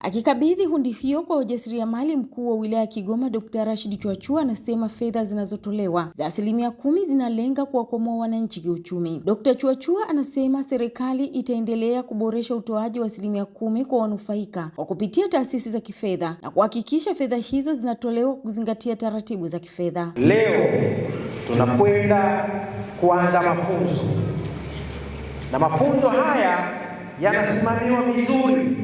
Akikabidhi hundi hiyo kwa wajasiriamali, mkuu wa wilaya ya Kigoma Dkt. Rashid Chwachua anasema fedha zinazotolewa za asilimia kumi zinalenga kuwakomoa wananchi kiuchumi. Dkt. Chwachua anasema serikali itaendelea kuboresha utoaji wa asilimia kumi kwa wanufaika kwa kupitia taasisi za kifedha na kuhakikisha fedha hizo zinatolewa kuzingatia taratibu za kifedha. Leo tunakwenda kuanza mafunzo na mafunzo haya yanasimamiwa vizuri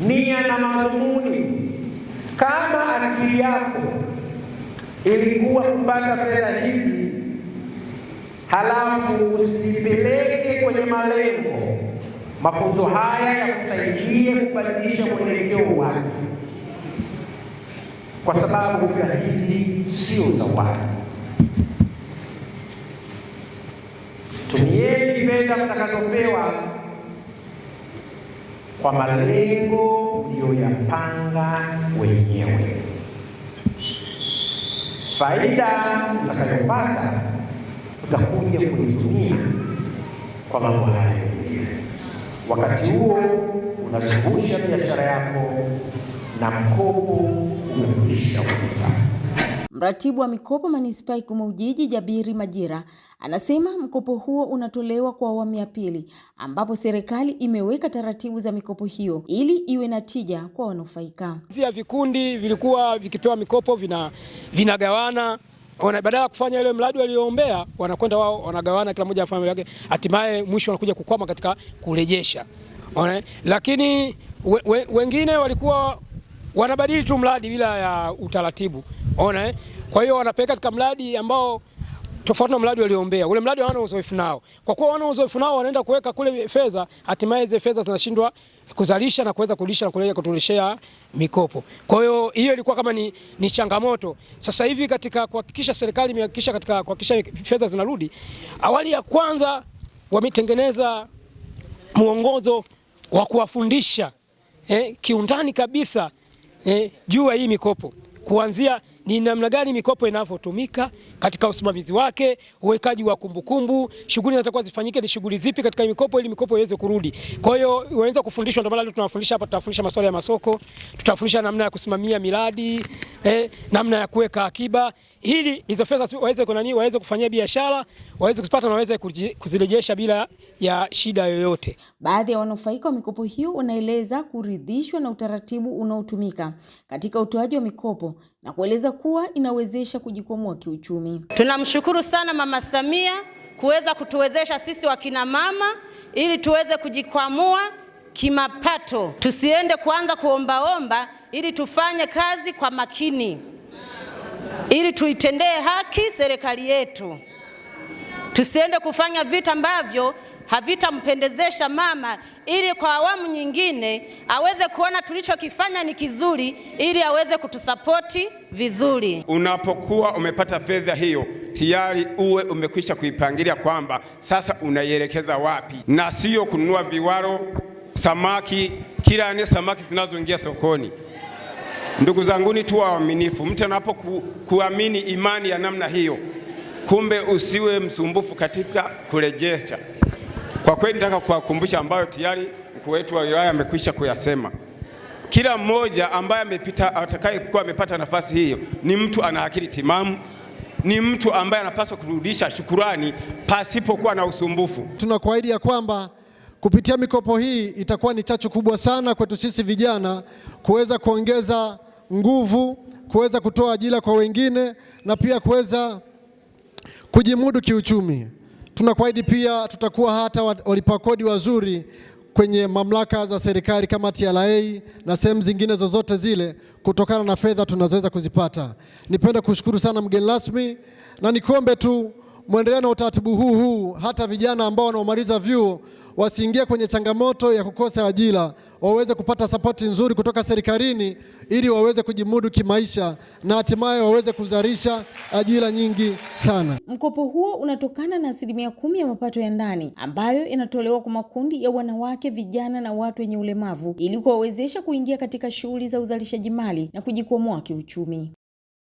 nia na madhumuni. Kama akili yako ilikuwa kupata fedha hizi, halafu usipeleke kwenye malengo, mafunzo haya yakusaidie kubadilisha mwelekeo wake, kwa sababu fedha hizi sio zawadi. Tumieni fedha mtakazopewa kwa malengo mliyoyapanga wenyewe. Faida utakayopata utakuja kuitumia kwa mambo haya mengine. Wakati huo unazungusha biashara yako na mkopo umekwisha kulipa. Mratibu wa mikopo manispaa Ikumi Ujiji, Jabiri Majira, anasema mkopo huo unatolewa kwa awamu ya pili, ambapo serikali imeweka taratibu za mikopo hiyo ili iwe na tija kwa wanufaika. Zia vikundi vilikuwa vikipewa mikopo vina vinagawana badala ya kufanya ile mradi walioombea wanakwenda wao wanagawana, kila mmoja afanye yake, hatimaye mwisho wanakuja kukwama katika kurejesha. lakini we, we, wengine walikuwa wanabadili tu mradi bila ya utaratibu, ona eh. Kwa hiyo wanapeleka katika mradi ambao tofauti na mradi waliombea. Ule mradi hawana uzoefu nao, kwa kuwa hawana uzoefu nao wanaenda kuweka kule fedha, hatimaye zile fedha zinashindwa kuzalisha na kuweza kulisha na kuleta kutuleshea mikopo. Kwa hiyo hiyo ilikuwa kama ni, ni changamoto. Sasa hivi katika kuhakikisha serikali imehakikisha katika kuhakikisha fedha zinarudi, awali ya kwanza wametengeneza mwongozo wa kuwafundisha eh, kiundani kabisa eh, juu ya hii mikopo kuanzia ni namna gani mikopo inavyotumika katika usimamizi wake, uwekaji wa kumbukumbu, shughuli zinatakiwa zifanyike ni shughuli zipi katika mikopo ili mikopo iweze kurudi. Kwa hiyo waweza kufundishwa, ndio maana leo tunawafundisha hapa, tutafundisha masuala ya masoko, tutafundisha namna ya kusimamia miradi eh, namna ya kuweka akiba ili hizo fedha waweze kunani, waweze kufanyia biashara, waweze kupata na waweze kuzirejesha bila ya shida yoyote. Baadhi ya wanufaika wa mikopo hiyo wanaeleza kuridhishwa na utaratibu unaotumika katika utoaji wa mikopo na kueleza kuwa inawezesha kujikwamua kiuchumi. Tunamshukuru sana Mama Samia kuweza kutuwezesha sisi wakina mama ili tuweze kujikwamua kimapato, tusiende kuanza kuombaomba, ili tufanye kazi kwa makini, ili tuitendee haki serikali yetu, tusiende kufanya vitu ambavyo havitampendezesha mama, ili kwa awamu nyingine aweze kuona tulichokifanya ni kizuri, ili aweze kutusapoti vizuri. Unapokuwa umepata fedha hiyo tayari uwe umekwisha kuipangilia kwamba sasa unaielekeza wapi, na sio kununua viwaro, samaki, kila ane samaki zinazoingia sokoni. Ndugu zanguni, tuwa waaminifu. Mtu anapokuamini ku, imani ya namna hiyo, kumbe usiwe msumbufu katika kurejesha. Kwa kweli nataka kuwakumbusha ambayo tayari mkuu wetu wa wilaya amekwisha kuyasema. Kila mmoja ambaye amepita, atakayekuwa amepata nafasi hiyo, ni mtu ana akili timamu, ni mtu ambaye anapaswa kurudisha shukurani pasipokuwa na usumbufu. Tunakuahidi ya kwamba kupitia mikopo hii itakuwa ni chachu kubwa sana kwetu sisi vijana kuweza kuongeza nguvu, kuweza kutoa ajira kwa wengine na pia kuweza kujimudu kiuchumi. Tunakuahidi pia tutakuwa hata walipa kodi wazuri kwenye mamlaka za serikali kama TRA na sehemu zingine zozote zile kutokana na fedha tunazoweza kuzipata. Nipenda kushukuru sana mgeni rasmi na nikuombe tu muendelee na utaratibu huu huu hata vijana ambao wanaomaliza vyuo wasiingie kwenye changamoto ya kukosa ajira, waweze kupata sapoti nzuri kutoka serikalini ili waweze kujimudu kimaisha na hatimaye waweze kuzalisha ajira nyingi sana. Mkopo huo unatokana na asilimia kumi ya mapato ya ndani ambayo inatolewa kwa makundi ya wanawake, vijana na watu wenye ulemavu ili kuwawezesha kuingia katika shughuli za uzalishaji mali na kujikwamua kiuchumi.